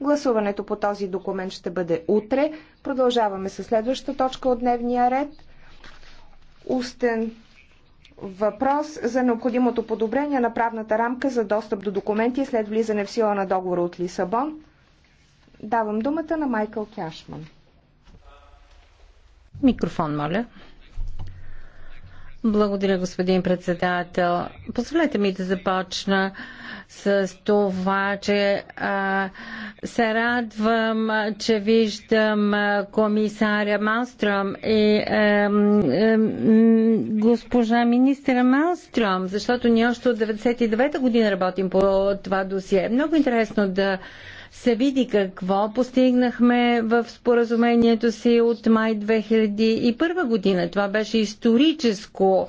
Гласуването по този документ ще бъде утре. Продължаваме с следващата точка от дневния ред. Устен въпрос за необходимото подобрение на правната рамка за достъп до документи след влизане в сила на договора от Лисабон. Давам думата на Майкъл Кяшман. Микрофон, моля. Благодаря, господин председател. Позволете ми да започна с това, че а, се радвам, че виждам комисаря Малстром и а, а, госпожа министра Малстром, защото ние още от 99-та година работим по това досие. Е много интересно да се види какво постигнахме в споразумението си от май 2001 година. Това беше историческо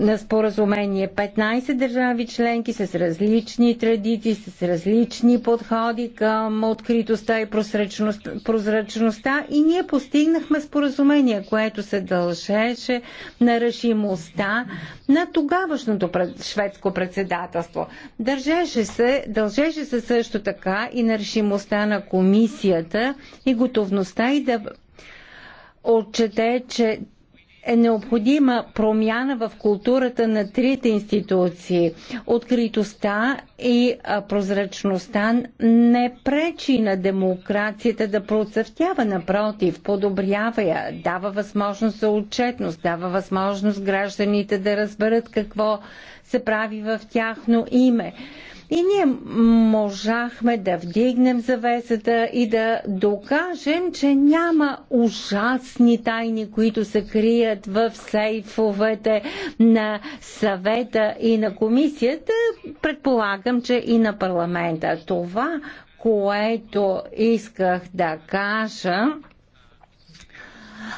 на споразумение. 15 държави членки с различни традиции, с различни подходи към откритостта и прозрачността и ние постигнахме споразумение, което се дължеше на решимостта на тогавашното шведско председателство. Държеше се, дължеше се също така и на решимостта на комисията и готовността и да отчете, че е необходима промяна в културата на трите институции. Откритостта и прозрачността не пречи на демокрацията да процъфтява, напротив, подобрява я, дава възможност за отчетност, дава възможност гражданите да разберат какво се прави в тяхно име. И ние можахме да вдигнем завесата и да докажем, че няма ужасни тайни, които се крият в сейфовете на съвета и на комисията, предполагам, че и на парламента. Това, което исках да кажа,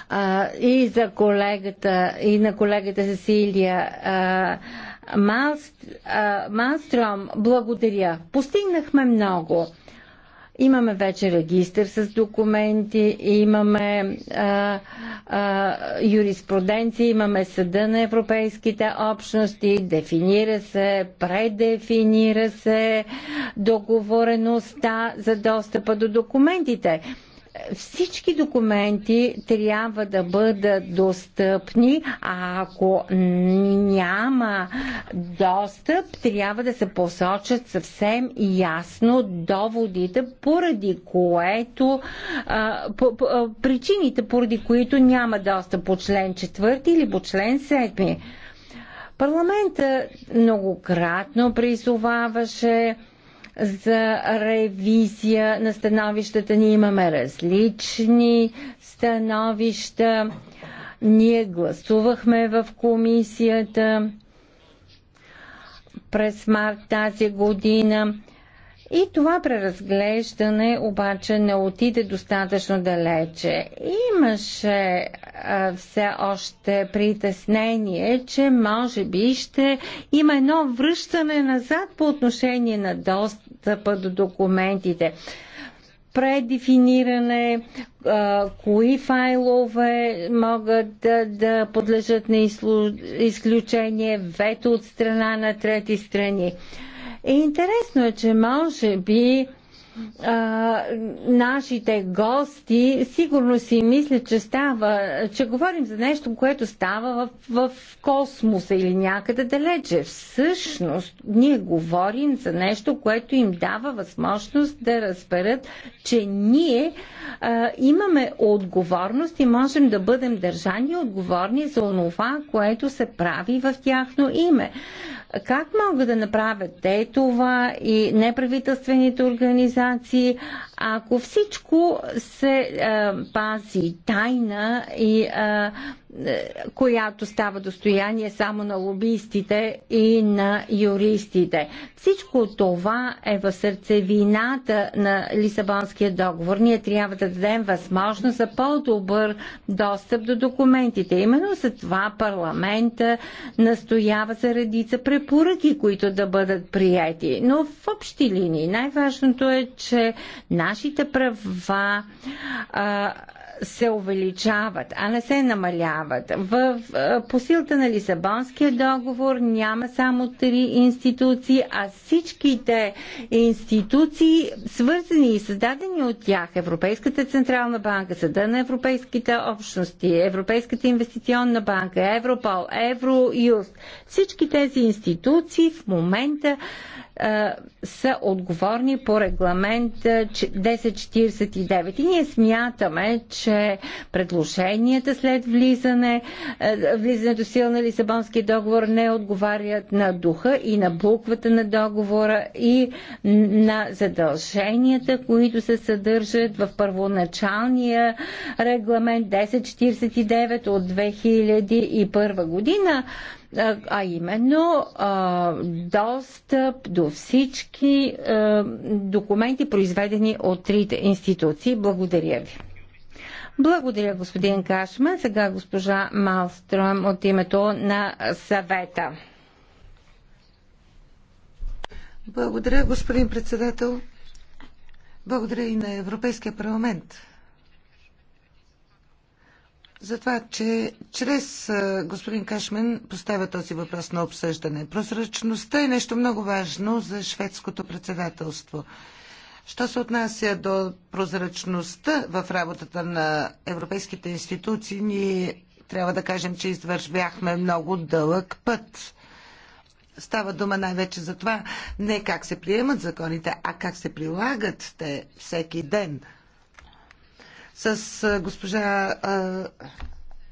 а, и за колегата, и на колегата Сесилия, а, Малстром, благодаря. Постигнахме много. Имаме вече регистр с документи, имаме а, а, юриспруденция, имаме съда на европейските общности, дефинира се, предефинира се договореността за достъпа до документите всички документи трябва да бъдат достъпни, а ако няма достъп, трябва да се посочат съвсем ясно доводите, поради което причините, поради които няма достъп по член 4 или по член 7. Парламента многократно призоваваше за ревизия на становищата. Ние имаме различни становища. Ние гласувахме в комисията през март тази година. И това преразглеждане обаче не отиде достатъчно далече. Имаше а, все още притеснение, че може би ще има едно връщане назад по отношение на доста достъпа до документите предефиниране, кои файлове могат да, да подлежат на изключение, вето от страна на трети страни. И интересно е, че може би а, нашите гости сигурно си мислят, че става, че говорим за нещо, което става в, в космоса или някъде далече. Всъщност, ние говорим за нещо, което им дава възможност да разберат, че ние имаме отговорност и можем да бъдем държани отговорни за онова, което се прави в тяхно име. Как могат да направят те това и неправителствените организации, ако всичко се а, пази тайна и а, е, която става достояние само на лобистите и на юристите. Всичко това е в сърцевината на Лисабонския договор. Ние трябва да дадем възможност за по-добър достъп до документите. Именно за това парламента настоява за редица препоръки, които да бъдат прияти. Но в общи линии най-важното е, че нашите права а, се увеличават, а не се намаляват. В, по силата на Лисабонския договор няма само три институции, а всичките институции, свързани и създадени от тях, Европейската Централна банка, Съда на Европейските общности, Европейската инвестиционна банка, Европол, Евроюст, всички тези институции в момента са отговорни по регламент 1049. И ние смятаме, че предложенията след влизане, влизането сила на Лисабонския договор не отговарят на духа и на буквата на договора и на задълженията, които се съдържат в първоначалния регламент 1049 от 2001 година а именно достъп до всички документи, произведени от трите институции. Благодаря ви. Благодаря, господин Кашман. Сега госпожа Малстром от името на съвета. Благодаря, господин председател. Благодаря и на Европейския парламент за това, че чрез господин Кашмен поставя този въпрос на обсъждане. Прозрачността е нещо много важно за шведското председателство. Що се отнася до прозрачността в работата на европейските институции, ние трябва да кажем, че извършвяхме много дълъг път. Става дума най-вече за това не как се приемат законите, а как се прилагат те всеки ден – с госпожа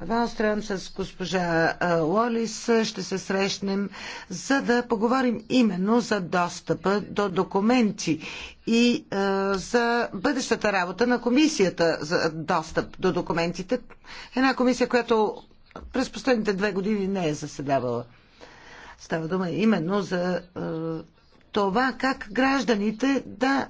Валстрам, с госпожа Лолис ще се срещнем, за да поговорим именно за достъпа до документи и за бъдещата работа на комисията за достъп до документите. Една комисия, която през последните две години не е заседавала. Става дума именно за това как гражданите да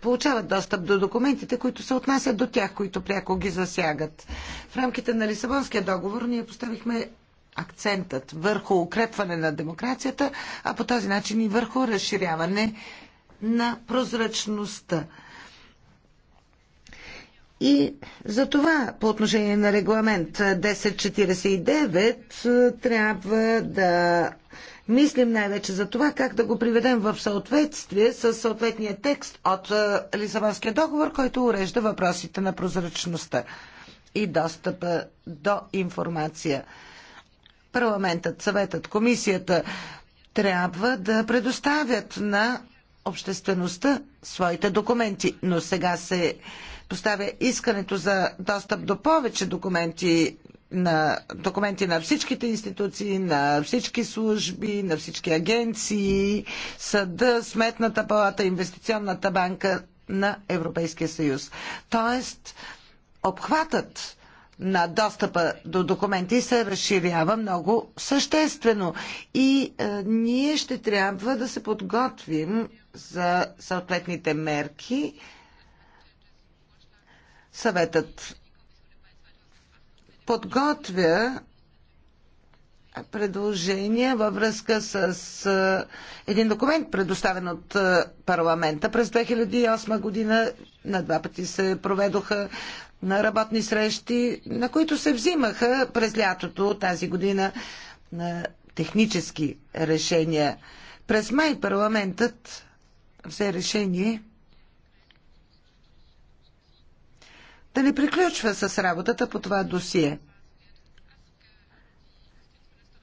получават достъп до документите, които се отнасят до тях, които пряко ги засягат. В рамките на Лисабонския договор ние поставихме акцентът върху укрепване на демокрацията, а по този начин и върху разширяване на прозрачността. И за това по отношение на регламент 1049 трябва да Мислим най-вече за това как да го приведем в съответствие с съответния текст от е, Лисабонския договор, който урежда въпросите на прозрачността и достъпа до информация. Парламентът, съветът, комисията трябва да предоставят на обществеността своите документи. Но сега се поставя искането за достъп до повече документи на документи на всичките институции, на всички служби, на всички агенции, съда, сметната палата, инвестиционната банка на Европейския съюз. Тоест, обхватът на достъпа до документи се разширява много съществено. И е, ние ще трябва да се подготвим за съответните мерки. Съветът подготвя предложения във връзка с един документ, предоставен от парламента през 2008 година. На два пъти се проведоха на работни срещи, на които се взимаха през лятото тази година на технически решения. През май парламентът взе решение да не приключва с работата по това досие.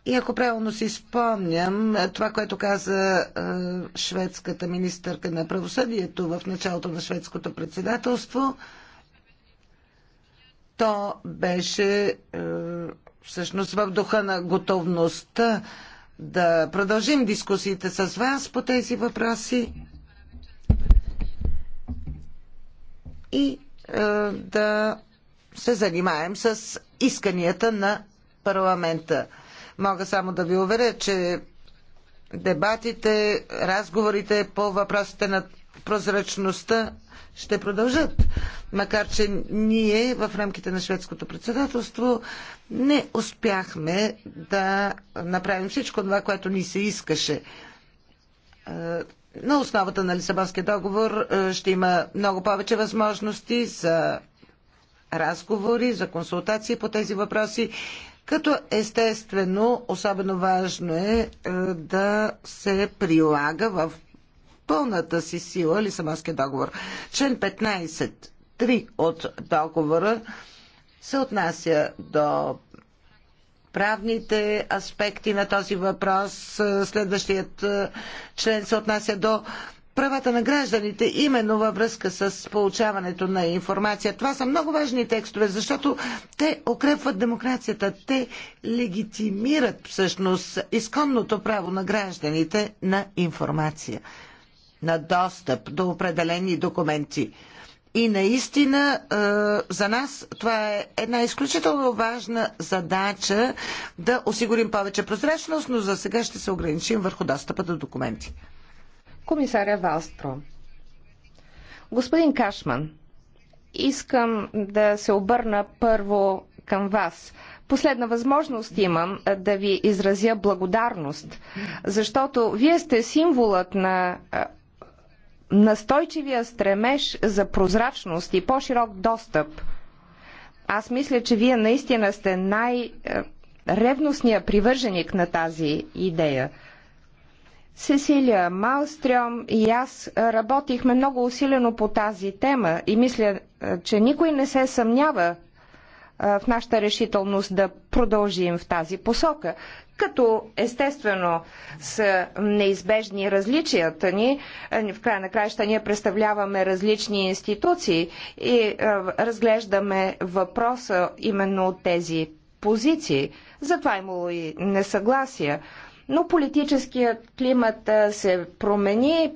И ако правилно си спомням, това, което каза е, шведската министърка на правосъдието в началото на шведското председателство, то беше е, всъщност в духа на готовността да продължим дискусиите с вас по тези въпроси. И е, да се занимаем с исканията на парламента. Мога само да ви уверя, че дебатите, разговорите по въпросите на прозрачността ще продължат. Макар, че ние в рамките на шведското председателство не успяхме да направим всичко това, което ни се искаше. Е, на основата на Лисабонския договор е, ще има много повече възможности за разговори, за консултации по тези въпроси, като естествено особено важно е, е да се прилага в пълната си сила Лисабонския договор. Член 15, 3 от договора се отнася до правните аспекти на този въпрос. Е, следващият е, член се отнася до правата на гражданите, именно във връзка с получаването на информация. Това са много важни текстове, защото те укрепват демокрацията, те легитимират всъщност изконното право на гражданите на информация, на достъп до определени документи. И наистина за нас това е една изключително важна задача да осигурим повече прозрачност, но за сега ще се ограничим върху достъпа до документи. Комисаря Валстро. Господин Кашман, искам да се обърна първо към вас. Последна възможност имам да ви изразя благодарност, защото вие сте символът на настойчивия стремеж за прозрачност и по-широк достъп, аз мисля, че вие наистина сте най-ревностният привърженик на тази идея. Сесилия Малстрем и аз работихме много усилено по тази тема и мисля, че никой не се съмнява, в нашата решителност да продължим в тази посока. Като естествено са неизбежни различията ни, в края на краища ние представляваме различни институции и разглеждаме въпроса именно от тези позиции. Затова е имало и несъгласия. Но политическият климат се промени,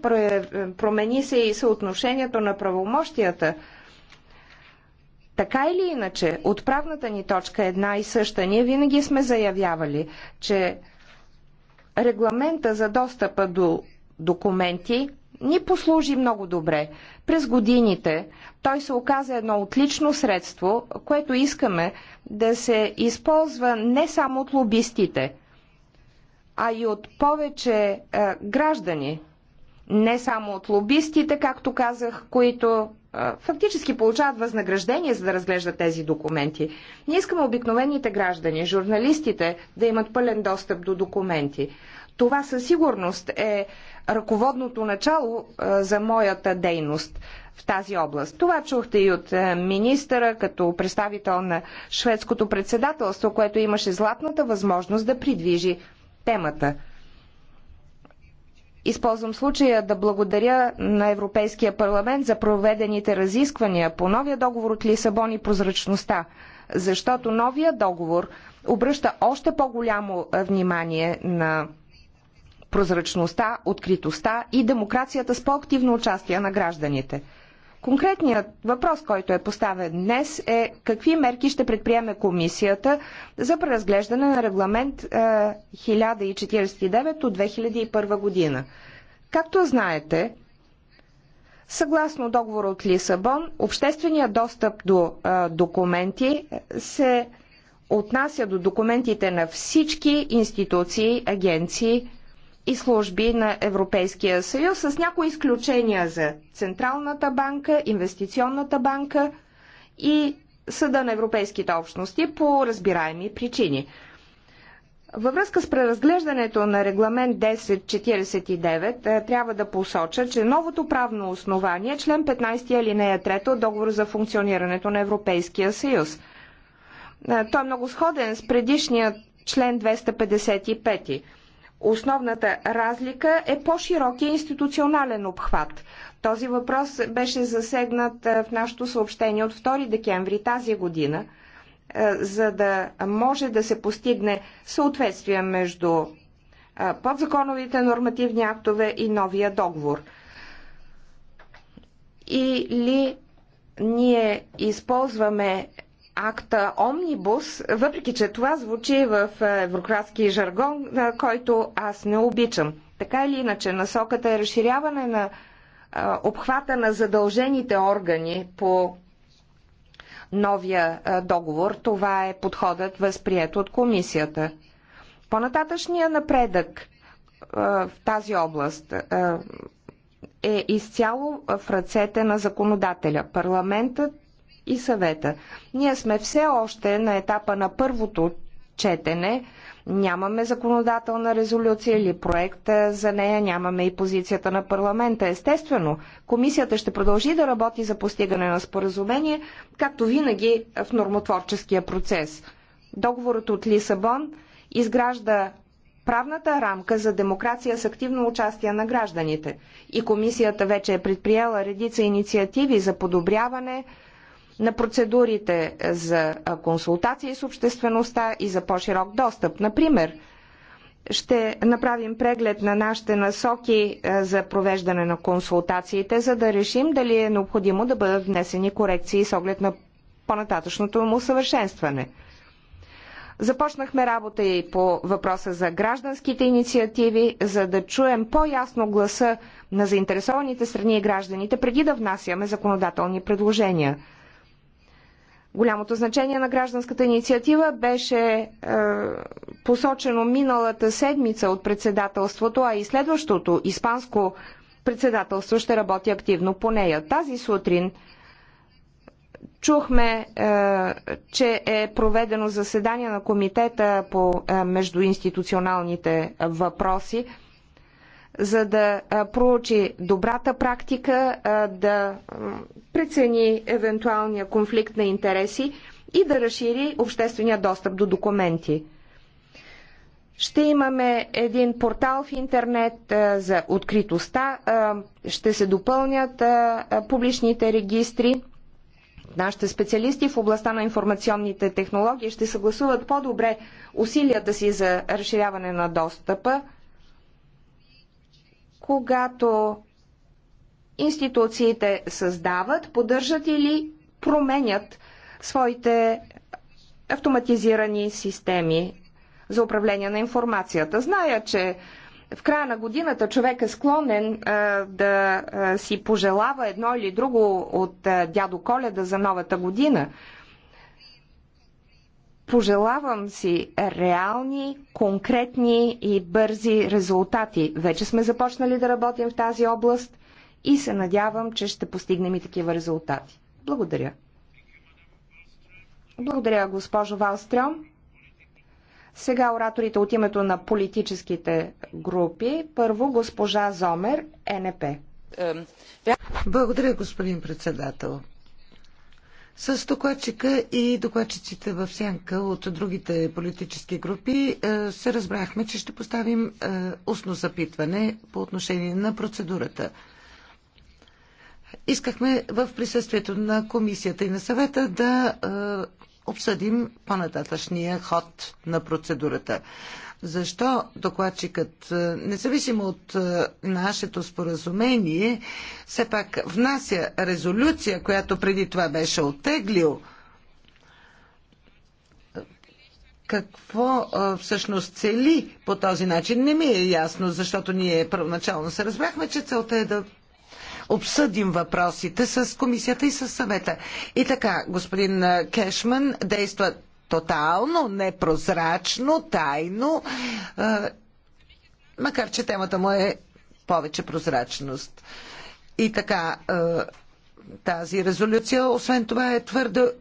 промени се и съотношението на правомощията – така или иначе, отправната ни точка е една и съща. Ние винаги сме заявявали, че регламента за достъпа до документи ни послужи много добре. През годините той се оказа едно отлично средство, което искаме да се използва не само от лобистите, а и от повече е, граждани. Не само от лобистите, както казах, които фактически получават възнаграждение за да разглеждат тези документи. Ние искаме обикновените граждани, журналистите да имат пълен достъп до документи. Това със сигурност е ръководното начало за моята дейност в тази област. Това чухте и от министъра като представител на шведското председателство, което имаше златната възможност да придвижи темата. Използвам случая да благодаря на Европейския парламент за проведените разисквания по новия договор от Лисабон и прозрачността, защото новия договор обръща още по-голямо внимание на прозрачността, откритостта и демокрацията с по-активно участие на гражданите. Конкретният въпрос, който е поставен днес е какви мерки ще предприеме комисията за преразглеждане на регламент 1049 е, от 2001 година. Както знаете, съгласно договора от Лисабон, общественият достъп до е, документи се отнася до документите на всички институции, агенции и служби на Европейския съюз, с някои изключения за Централната банка, Инвестиционната банка и Съда на Европейските общности по разбираеми причини. Във връзка с преразглеждането на регламент 1049 е, трябва да посоча, че новото правно основание е член 15 алинея 3 от договор за функционирането на Европейския съюз. Е, той е много сходен с предишния член 255. Основната разлика е по-широкия институционален обхват. Този въпрос беше засегнат е, в нашото съобщение от 2 декември тази година, е, за да може да се постигне съответствие между е, подзаконовите нормативни актове и новия договор. Или ние използваме акта Омнибус, въпреки че това звучи в е, еврократски жаргон, е, който аз не обичам. Така или иначе, насоката е разширяване на е, обхвата на задължените органи по новия договор. Това е подходът възприят от комисията. По-нататъчния напредък в тази област е изцяло в ръцете на законодателя. Парламентът и съвета. Ние сме все още на етапа на първото четене. Нямаме законодателна резолюция или проект за нея, нямаме и позицията на парламента. Естествено, комисията ще продължи да работи за постигане на споразумение, както винаги в нормотворческия процес. Договорът от Лисабон изгражда правната рамка за демокрация с активно участие на гражданите. И комисията вече е предприела редица инициативи за подобряване на процедурите за консултации с обществеността и за по-широк достъп. Например, ще направим преглед на нашите насоки за провеждане на консултациите, за да решим дали е необходимо да бъдат внесени корекции с оглед на по-нататъчното му съвършенстване. Започнахме работа и по въпроса за гражданските инициативи, за да чуем по-ясно гласа на заинтересованите страни и гражданите, преди да внасяме законодателни предложения. Голямото значение на гражданската инициатива беше е, посочено миналата седмица от председателството, а и следващото испанско председателство ще работи активно по нея. Тази сутрин чухме, е, че е проведено заседание на комитета по е, междуинституционалните въпроси за да проучи добрата практика, да прецени евентуалния конфликт на интереси и да разшири обществения достъп до документи. Ще имаме един портал в интернет за откритостта, ще се допълнят публичните регистри. Нашите специалисти в областта на информационните технологии ще съгласуват по-добре усилията си за разширяване на достъпа когато институциите създават, поддържат или променят своите автоматизирани системи за управление на информацията. Зная, че в края на годината човек е склонен а, да а, си пожелава едно или друго от а, дядо Коледа за новата година – Пожелавам си реални, конкретни и бързи резултати. Вече сме започнали да работим в тази област и се надявам, че ще постигнем и такива резултати. Благодаря. Благодаря, госпожо Валстрем. Сега ораторите от името на политическите групи. Първо госпожа Зомер, НП. Благодаря, господин председател. С докладчика и докладчиците в сянка от другите политически групи е, се разбрахме, че ще поставим е, устно запитване по отношение на процедурата. Искахме в присъствието на комисията и на съвета да е, обсъдим по-нататъчния ход на процедурата защо докладчикът, е, независимо от е, нашето споразумение, все пак внася резолюция, която преди това беше оттеглил. Какво е, всъщност цели по този начин, не ми е ясно, защото ние първоначално се разбрахме, че целта е да обсъдим въпросите с комисията и с съвета. И така, господин Кешман действа тотално непрозрачно, тайно, макар че темата му е повече прозрачност. И така, тази резолюция, освен това, е твърде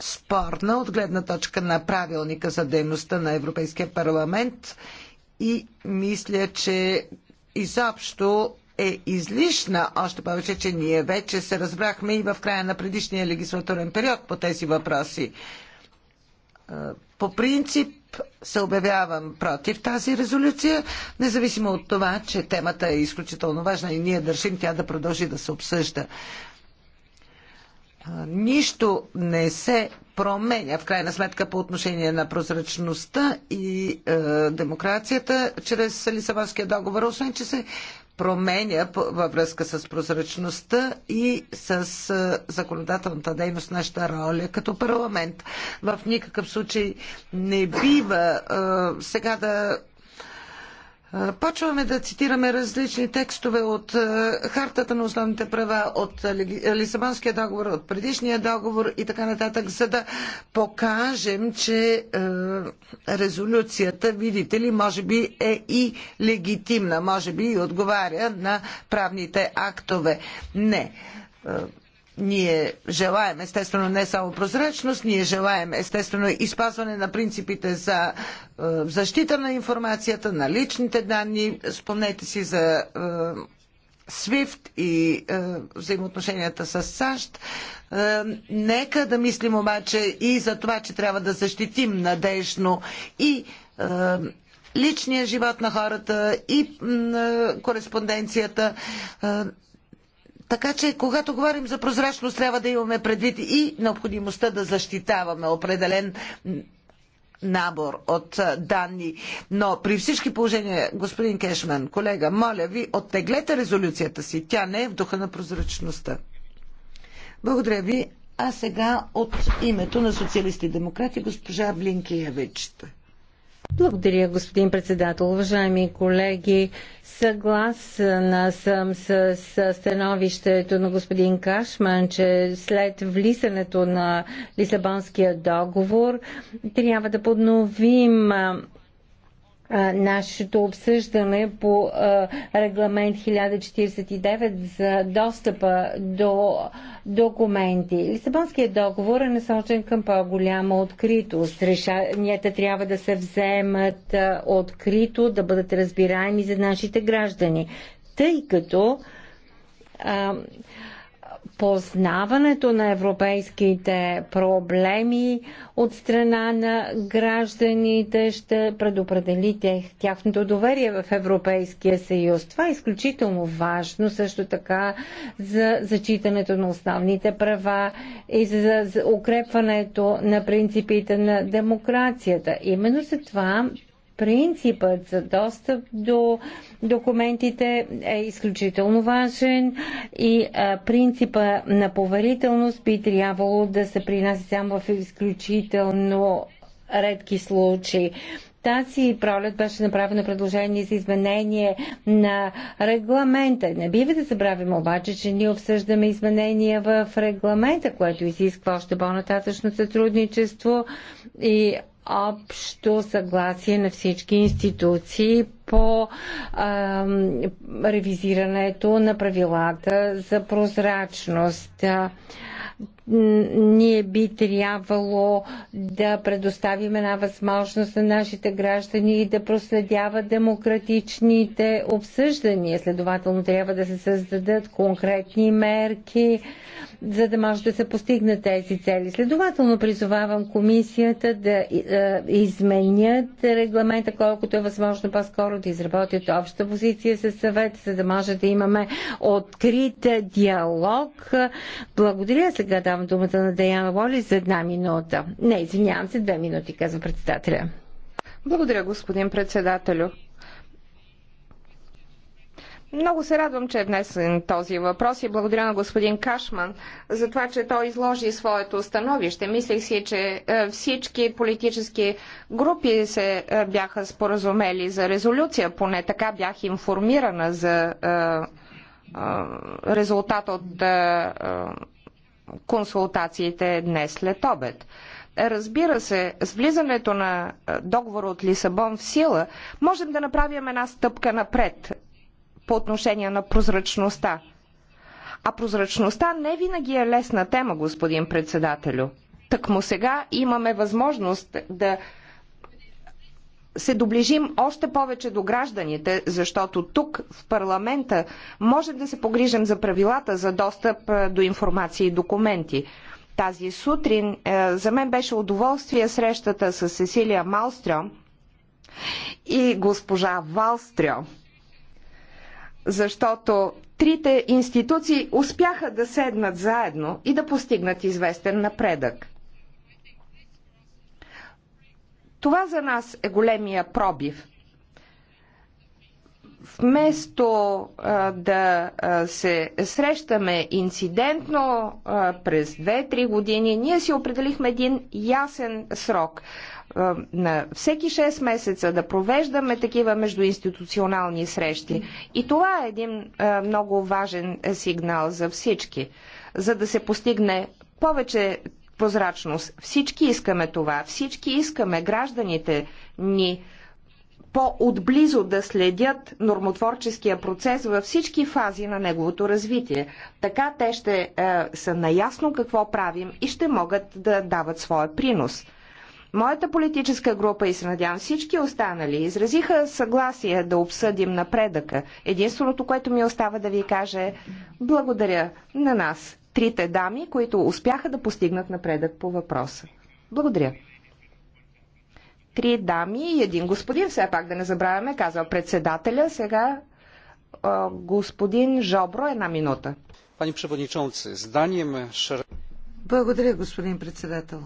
спорна от гледна точка на правилника за дейността на Европейския парламент и мисля, че изобщо е излишна, още повече, че ние вече се разбрахме и в края на предишния легислатурен период по тези въпроси по принцип се обявявам против тази резолюция, независимо от това, че темата е изключително важна и ние държим тя да продължи да се обсъжда. Нищо не се променя в крайна сметка по отношение на прозрачността и е, демокрацията чрез Лисабонския договор, освен че се променя във връзка с прозрачността и с законодателната дейност нашата роля като парламент. В никакъв случай не бива сега да Почваме да цитираме различни текстове от Хартата на основните права, от Лисабонския договор, от предишния договор и така нататък, за да покажем, че резолюцията, видите ли, може би е и легитимна, може би и отговаря на правните актове. Не. Ние желаем естествено не само прозрачност, ние желаем естествено и спазване на принципите за е, защита на информацията, на личните данни. Спомнете си за е, SWIFT и е, взаимоотношенията с САЩ. Е, нека да мислим обаче и за това, че трябва да защитим надежно и е, личния живот на хората, и е, кореспонденцията. Е, така че, когато говорим за прозрачност, трябва да имаме предвид и необходимостта да защитаваме определен набор от данни. Но при всички положения, господин Кешман, колега, моля ви, оттеглете резолюцията си. Тя не е в духа на прозрачността. Благодаря ви. А сега от името на социалисти и демократи госпожа Блинкиевич. Благодаря, господин председател. Уважаеми колеги, съгласна съм с, с становището на господин Кашман, че след влизането на Лисабонския договор трябва да подновим нашето обсъждане по регламент 1049 за достъпа до документи. Лисабонският договор е насочен към по-голяма откритост. Решенията трябва да се вземат открито, да бъдат разбираеми за нашите граждани. Тъй като а, познаването на европейските проблеми от страна на гражданите ще предопредели тяхното доверие в Европейския съюз. Това е изключително важно също така за зачитането на основните права и за укрепването на принципите на демокрацията. Именно за това принципът за достъп до документите е изключително важен и принципа на поверителност би трябвало да се принася само в изключително редки случаи. Тази пролет беше направено предложение за изменение на регламента. Не бива да забравим обаче, че ние обсъждаме изменения в регламента, което изисква още по-нататъчно сътрудничество и общо съгласие на всички институции по а, ревизирането на правилата за прозрачност ние би трябвало да предоставим една възможност на нашите граждани и да проследяват демократичните обсъждания. Следователно трябва да се създадат конкретни мерки, за да може да се постигнат тези цели. Следователно призовавам комисията да е, изменят регламента, колкото е възможно по-скоро да изработят обща позиция със съвет, за да може да имаме открит диалог. Благодаря. Сега сега давам думата на Даяна Лоли за една минута. Не, извинявам се, две минути, казва председателя. Благодаря, господин председателю. Много се радвам, че е внесен този въпрос и благодаря на господин Кашман за това, че той изложи своето становище. Мислих си, че е, всички политически групи се е, бяха споразумели за резолюция, поне така бях информирана за е, резултат от консултациите днес след обед. Разбира се, с влизането на договора от Лисабон в сила, можем да направим една стъпка напред по отношение на прозрачността. А прозрачността не винаги е лесна тема, господин председателю. Тъкмо сега имаме възможност да се доближим още повече до гражданите, защото тук в парламента можем да се погрижим за правилата за достъп е, до информация и документи. Тази сутрин е, за мен беше удоволствие срещата с Сесилия Малстрио и госпожа Валстрио, защото трите институции успяха да седнат заедно и да постигнат известен напредък. Това за нас е големия пробив. Вместо а, да а, се срещаме инцидентно а, през 2-3 години, ние си определихме един ясен срок а, на всеки 6 месеца да провеждаме такива междуинституционални срещи. И това е един а, много важен сигнал за всички, за да се постигне повече прозрачност. Всички искаме това. Всички искаме гражданите ни по-отблизо да следят нормотворческия процес във всички фази на неговото развитие. Така те ще е, са наясно какво правим и ще могат да дават своя принос. Моята политическа група и се надявам всички останали изразиха съгласие да обсъдим напредъка. Единственото, което ми остава да ви кажа е благодаря на нас, трите дами, които успяха да постигнат напредък по въпроса. Благодаря. Три дами и един господин, все пак да не забравяме, казва председателя. Сега господин Жобро, една минута. Пани Преводничонце, зданием... Благодаря, господин председател.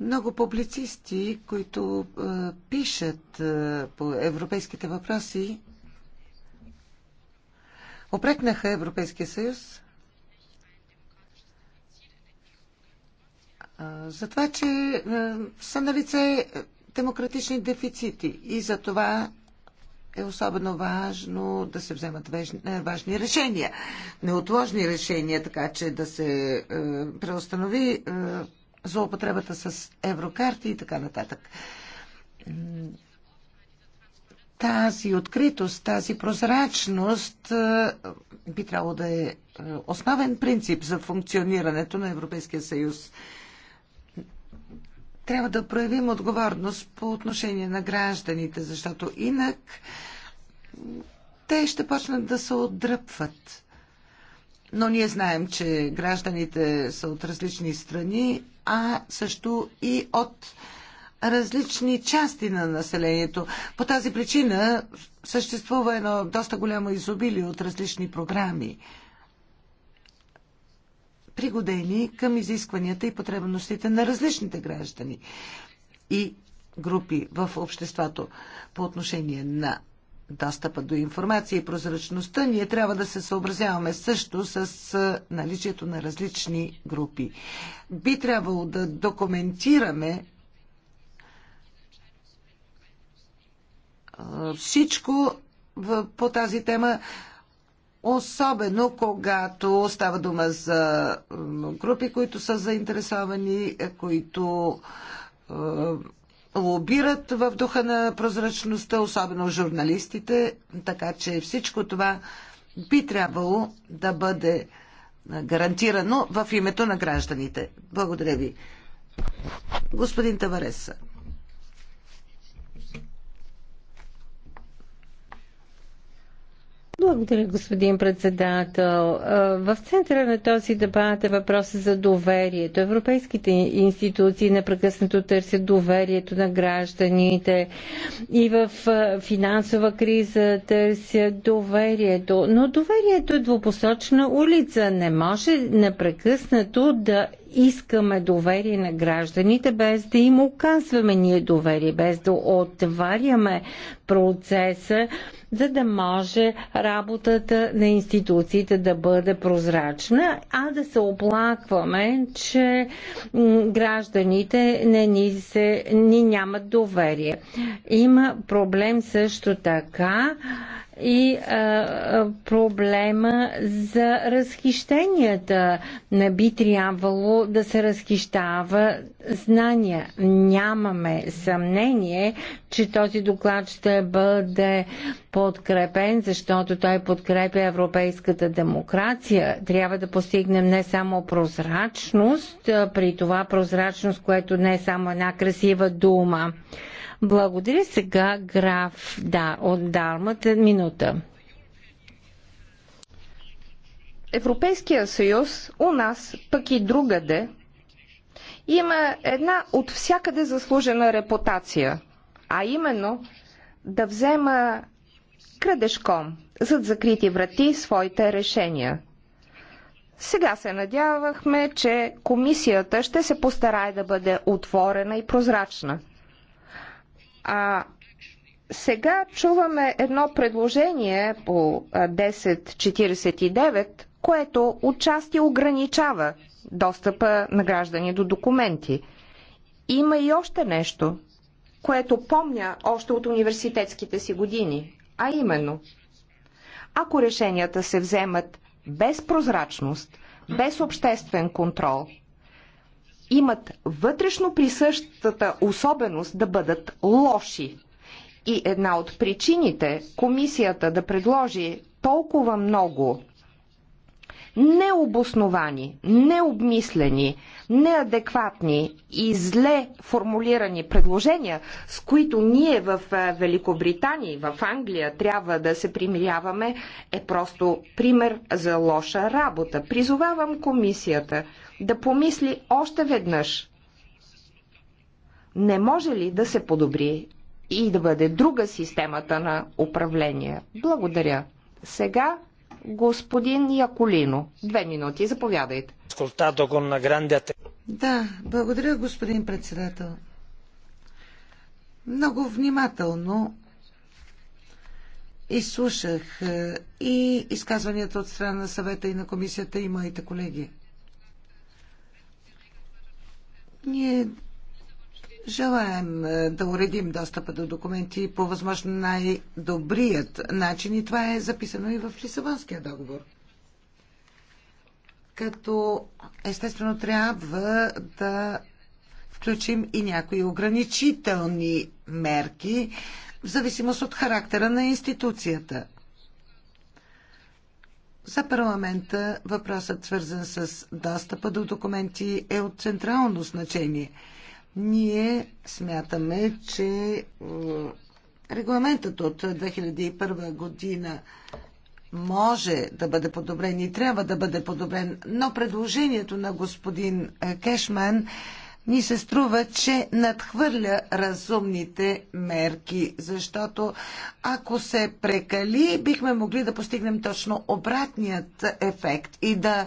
Много публицисти, които е, пишат е, по европейските въпроси, опрекнаха Европейския съюз за това, че са на лице демократични дефицити и за това е особено важно да се вземат е, важни решения, неотложни решения, така че да се е, преустанови е, злоупотребата с еврокарти и така нататък. Тази откритост, тази прозрачност би трябвало да е основен принцип за функционирането на Европейския съюз трябва да проявим отговорност по отношение на гражданите, защото инак те ще почнат да се отдръпват. Но ние знаем, че гражданите са от различни страни, а също и от различни части на населението. По тази причина съществува едно доста голямо изобилие от различни програми пригодени към изискванията и потребностите на различните граждани и групи в обществото по отношение на достъпа до информация и прозрачността, ние трябва да се съобразяваме също с наличието на различни групи. Би трябвало да документираме всичко по тази тема, Особено когато става дума за групи, които са заинтересовани, които е, лобират в духа на прозрачността, особено журналистите, така че всичко това би трябвало да бъде гарантирано в името на гражданите. Благодаря ви. Господин Тавареса. Благодаря, господин председател. В центъра на този дебат е въпросът за доверието. Европейските институции непрекъснато търсят доверието на гражданите и в финансова криза търсят доверието. Но доверието е двупосочна улица. Не може непрекъснато да искаме доверие на гражданите, без да им оказваме ние доверие, без да отваряме процеса за да може работата на институциите да бъде прозрачна, а да се оплакваме, че гражданите не ни, се, ни нямат доверие. Има проблем също така и а, а, проблема за разхищенията. Не би трябвало да се разхищава знания. Нямаме съмнение, че този доклад ще бъде подкрепен, защото той подкрепя европейската демокрация. Трябва да постигнем не само прозрачност, при това прозрачност, което не е само една красива дума. Благодаря сега граф да, от Далмата минута. Европейския съюз у нас, пък и другаде, има една от всякъде заслужена репутация, а именно да взема крадешком зад закрити врати своите решения. Сега се надявахме, че комисията ще се постарае да бъде отворена и прозрачна – а сега чуваме едно предложение по 1049, което отчасти ограничава достъпа на граждани до документи. Има и още нещо, което помня още от университетските си години, а именно, ако решенията се вземат без прозрачност, без обществен контрол – имат вътрешно присъщата особеност да бъдат лоши. И една от причините комисията да предложи толкова много необосновани, необмислени, неадекватни и зле формулирани предложения, с които ние в Великобритания и в Англия трябва да се примиряваме, е просто пример за лоша работа. Призовавам комисията да помисли още веднъж не може ли да се подобри и да бъде друга системата на управление. Благодаря. Сега господин Яколино. Две минути, заповядайте. Да, благодаря, господин председател. Много внимателно изслушах е, и изказванията от страна на съвета и на комисията и моите колеги. Ние желаем е, да уредим достъпа до документи по възможно най-добрият начин и това е записано и в Лисабонския договор. Като естествено трябва да включим и някои ограничителни мерки в зависимост от характера на институцията. За парламента въпросът, свързан с достъпа до документи, е от централно значение. Ние смятаме, че регламентът от 2001 година може да бъде подобрен и трябва да бъде подобрен, но предложението на господин Кешман ни се струва, че надхвърля разумните мерки, защото ако се прекали, бихме могли да постигнем точно обратният ефект и да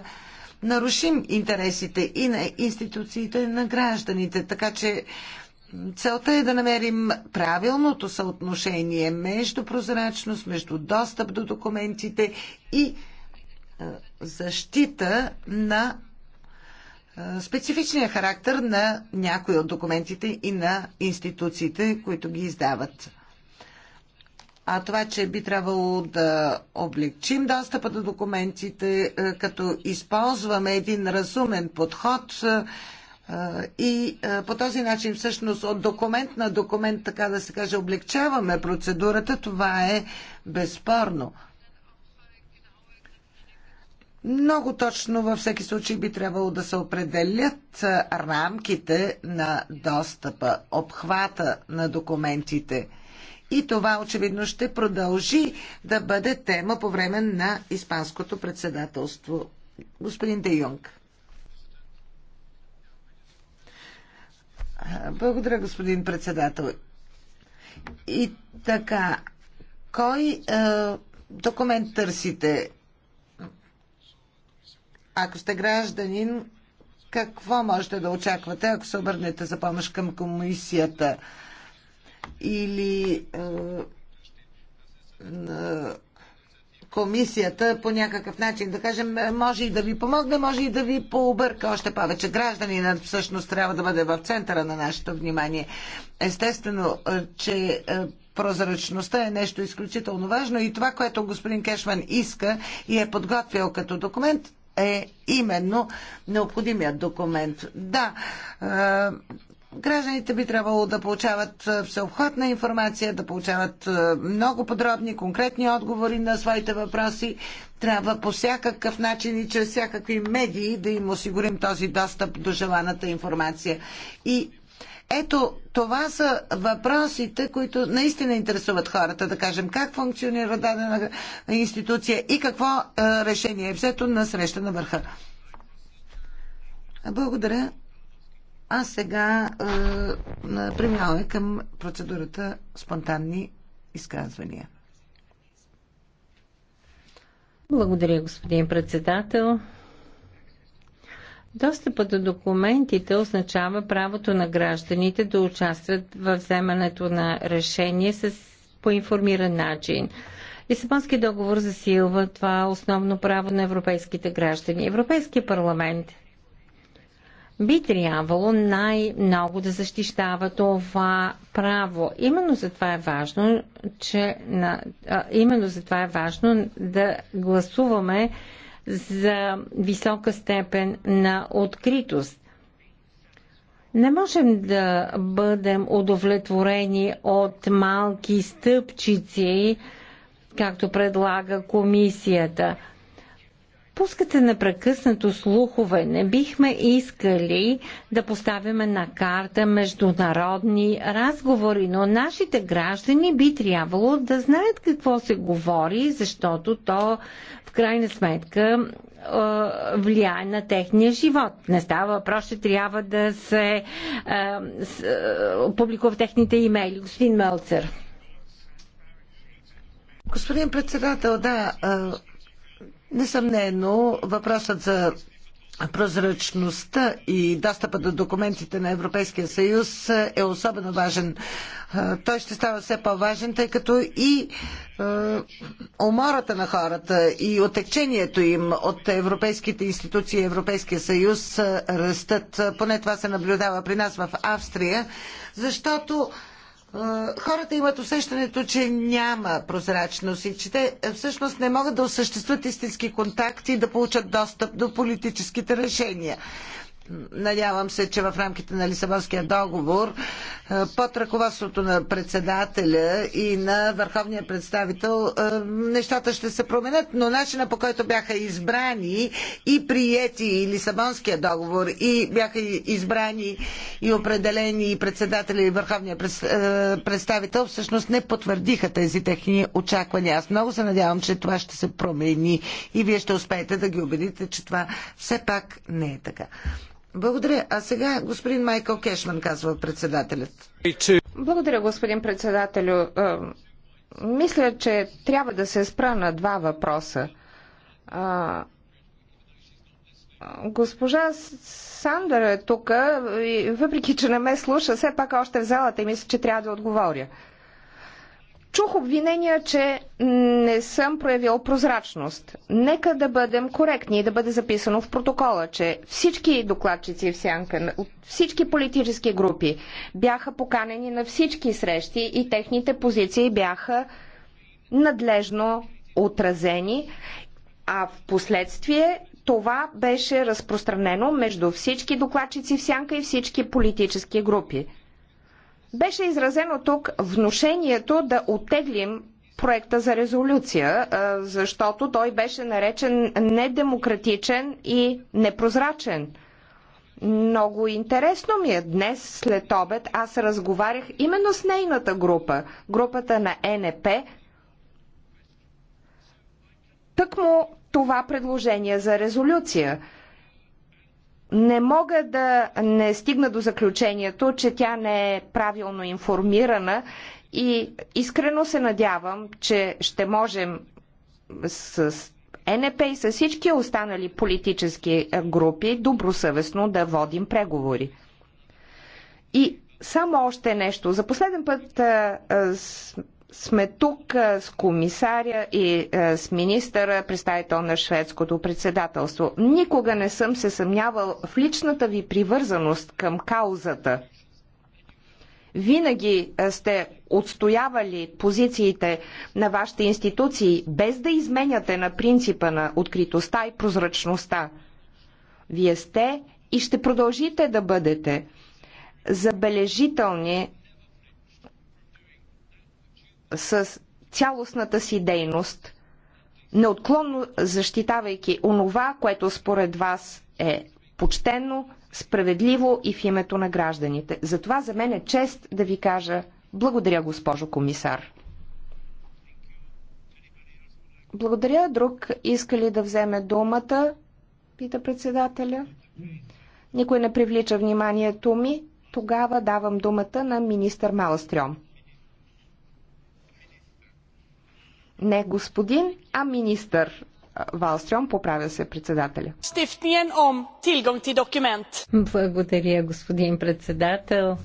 нарушим интересите и на институциите, и на гражданите. Така че целта е да намерим правилното съотношение между прозрачност, между достъп до документите и е, защита на специфичния характер на някои от документите и на институциите, които ги издават. А това, че би трябвало да облегчим достъпа до документите, като използваме един разумен подход и по този начин всъщност от документ на документ, така да се каже, облегчаваме процедурата, това е безспорно. Много точно във всеки случай би трябвало да се определят рамките на достъпа, обхвата на документите. И това очевидно ще продължи да бъде тема по време на Испанското председателство. Господин Де Юнг. Благодаря, господин председател. И така, кой е, документ търсите? Ако сте гражданин, какво можете да очаквате, ако се обърнете за помощ към комисията? Или е, е, комисията по някакъв начин, да кажем, може и да ви помогне, може и да ви пообърка още повече. Гражданинът всъщност трябва да бъде в центъра на нашето внимание. Естествено, е, че е, прозрачността е нещо изключително важно и това, което господин Кешман иска и е подготвил като документ, е именно необходимият документ. Да, е, гражданите би трябвало да получават е, всеобхватна информация, да получават е, много подробни, конкретни отговори на своите въпроси. Трябва по всякакъв начин и чрез всякакви медии да им осигурим този достъп до желаната информация. И ето, това са въпросите, които наистина интересуват хората, да кажем как функционира дадена институция и какво е, решение е взето на среща на върха. Благодаря. А сега е, преминаваме към процедурата спонтанни изказвания. Благодаря, господин председател. Достъпа до документите означава правото на гражданите да участват в вземането на решение с поинформиран начин. Лисабонски договор засилва това основно право на европейските граждани. Европейския парламент би трябвало най-много да защищава това право. Именно за това е важно, че на, а, именно за това е важно да гласуваме за висока степен на откритост. Не можем да бъдем удовлетворени от малки стъпчици, както предлага комисията. Пускате непрекъснато слухове. Не бихме искали да поставяме на карта международни разговори, но нашите граждани би трябвало да знаят какво се говори, защото то в крайна сметка влияе на техния живот. Не става въпрос, че трябва да се а, публикува техните имейли. Господин Мелцер. Господин председател, да, а, несъмнено въпросът за прозрачността и достъпа до документите на Европейския съюз е особено важен. Той ще става все по-важен, тъй като и умората на хората и отечението им от европейските институции и Европейския съюз растат. Поне това се наблюдава при нас в Австрия, защото хората имат усещането, че няма прозрачност и че те всъщност не могат да осъществят истински контакти и да получат достъп до политическите решения. Надявам се, че в рамките на Лисабонския договор е, под ръководството на председателя и на върховния представител е, нещата ще се променят, но начина по който бяха избрани и приети Лисабонския договор и бяха избрани и определени и председателя и върховния е, представител всъщност не потвърдиха тези техни очаквания. Аз много се надявам, че това ще се промени и вие ще успеете да ги убедите, че това все пак не е така. Благодаря. А сега господин Майкъл Кешман казва председателят. Благодаря, господин председателю. Е, мисля, че трябва да се спра на два въпроса. Е, госпожа Сандър е тук и въпреки, че не ме слуша, все пак още в залата и мисля, че трябва да отговоря. Чух обвинения, че не съм проявил прозрачност. Нека да бъдем коректни и да бъде записано в протокола, че всички докладчици в сянка, от всички политически групи бяха поканени на всички срещи и техните позиции бяха надлежно отразени, а в последствие това беше разпространено между всички докладчици в сянка и всички политически групи. Беше изразено тук вношението да оттеглим проекта за резолюция, защото той беше наречен недемократичен и непрозрачен. Много интересно ми е днес след обед. Аз разговарях именно с нейната група, групата на НП. Тъкмо това предложение за резолюция. Не мога да не стигна до заключението, че тя не е правилно информирана и искрено се надявам, че ще можем с НП и с всички останали политически групи добросъвестно да водим преговори. И само още нещо. За последен път а, а, сме тук с комисаря и с министъра, представител на шведското председателство. Никога не съм се съмнявал в личната ви привързаност към каузата. Винаги сте отстоявали позициите на вашите институции, без да изменяте на принципа на откритостта и прозрачността. Вие сте и ще продължите да бъдете забележителни с цялостната си дейност, неотклонно защитавайки онова, което според вас е почтено, справедливо и в името на гражданите. Затова за мен е чест да ви кажа благодаря, госпожо комисар. Благодаря. Друг иска ли да вземе думата? Пита председателя. Никой не привлича вниманието ми. Тогава давам думата на министър Малстрём. Не господин, а министър Валстрем, поправя се председателя. Стифтниен ом тилгом ти документ. Благодаря, господин председател.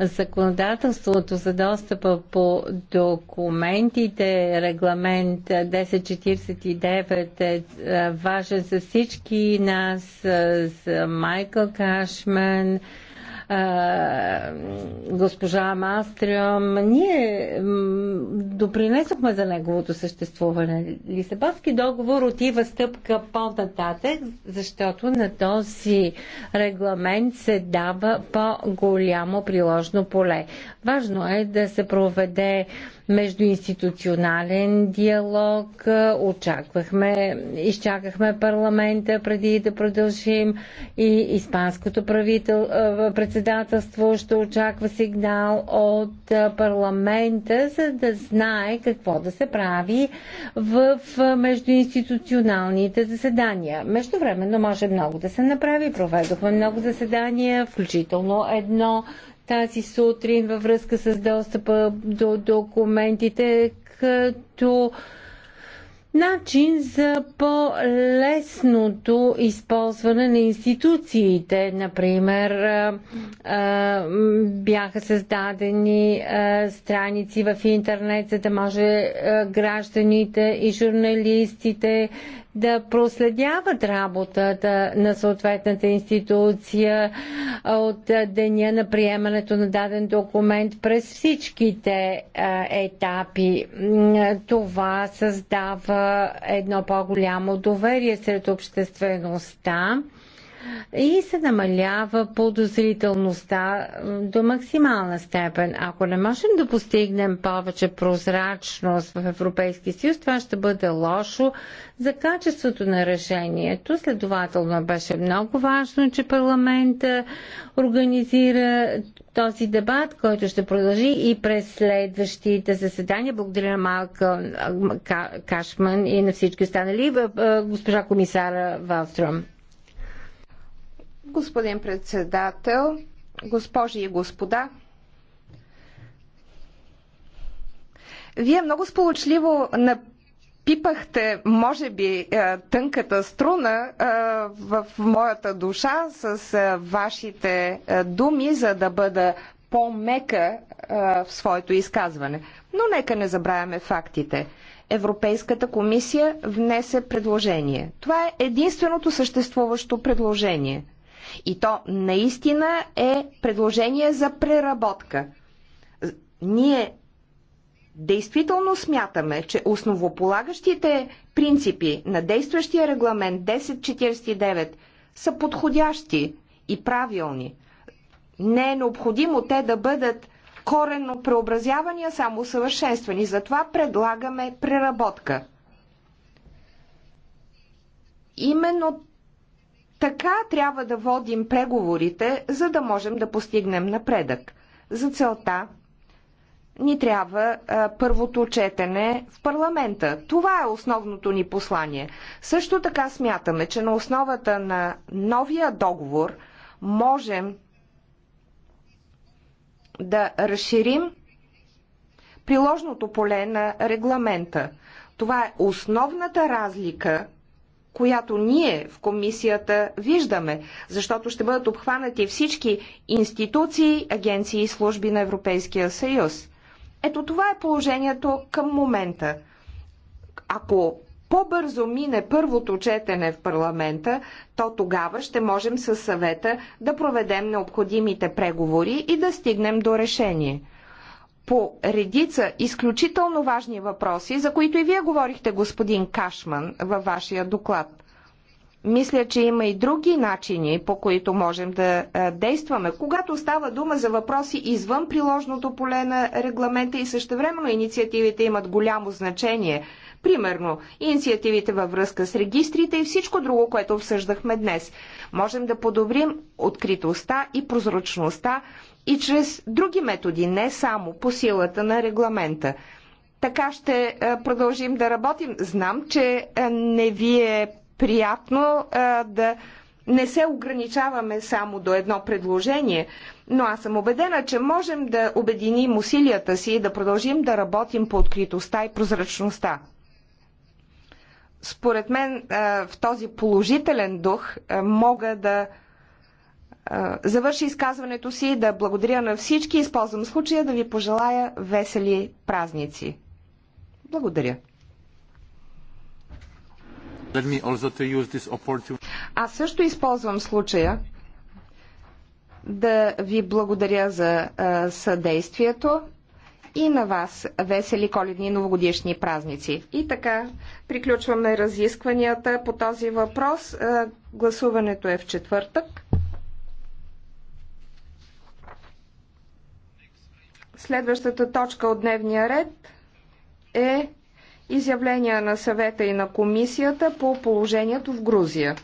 Законодателството за достъпа по документите, регламент 1049 е, е важен за всички нас, е, за Майкъл Кашман, госпожа Мастрюм, ние допринесохме за неговото съществуване. Лисабонски договор отива стъпка по-нататък, защото на този регламент се дава по-голямо приложно поле. Важно е да се проведе междуинституционален диалог. Очаквахме, изчакахме парламента преди да продължим и Испанското правител, председателство ще очаква сигнал от парламента, за да знае какво да се прави в междуинституционалните заседания. Междувременно може много да се направи. Проведохме много заседания, включително едно тази сутрин във връзка с достъпа до документите, като начин за по-лесното използване на институциите. Например, бяха създадени страници в интернет, за да може гражданите и журналистите да проследяват работата на съответната институция от деня на приемането на даден документ през всичките етапи. Това създава едно по-голямо доверие сред обществеността и се намалява подозрителността до максимална степен. Ако не можем да постигнем повече прозрачност в Европейския съюз, това ще бъде лошо за качеството на решението. Следователно беше много важно, че парламента организира този дебат, който ще продължи и през следващите заседания. Благодаря на Малка Кашман и на всички останали. Госпожа комисара Валстром. Господин председател, госпожи и господа, вие много сполучливо напипахте, може би, е, тънката струна е, в моята душа с е, вашите думи, за да бъда по-мека в своето изказване. Но нека не забравяме фактите. Европейската комисия внесе предложение. Това е единственото съществуващо предложение – и то наистина е предложение за преработка. Ние действително смятаме, че основополагащите принципи на действащия регламент 1049 са подходящи и правилни. Не е необходимо те да бъдат коренно преобразявани, а само усъвършенствани. Затова предлагаме преработка. Именно така трябва да водим преговорите, за да можем да постигнем напредък. За целта ни трябва а, първото четене в парламента. Това е основното ни послание. Също така смятаме, че на основата на новия договор можем да разширим приложното поле на регламента. Това е основната разлика която ние в комисията виждаме, защото ще бъдат обхванати всички институции, агенции и служби на Европейския съюз. Ето това е положението към момента. Ако по-бързо мине първото четене в парламента, то тогава ще можем със съвета да проведем необходимите преговори и да стигнем до решение по редица изключително важни въпроси, за които и вие говорихте, господин Кашман, във вашия доклад – мисля, че има и други начини, по които можем да действаме. Когато става дума за въпроси извън приложното поле на регламента и същевременно инициативите имат голямо значение, примерно инициативите във връзка с регистрите и всичко друго, което обсъждахме днес, можем да подобрим откритостта и прозрачността и чрез други методи, не само по силата на регламента. Така ще продължим да работим. Знам, че не ви е приятно а, да не се ограничаваме само до едно предложение, но аз съм убедена, че можем да обединим усилията си и да продължим да работим по откритостта и прозрачността. Според мен в този положителен дух мога да завърши изказването си, да благодаря на всички. Използвам случая да ви пожелая весели празници. Благодаря. Аз също използвам случая да ви благодаря за съдействието и на вас весели коледни и новогодишни празници. И така, приключваме разискванията по този въпрос. Гласуването е в четвъртък. Следващата точка от дневния ред е изявления на съвета и на комисията по положението в Грузия.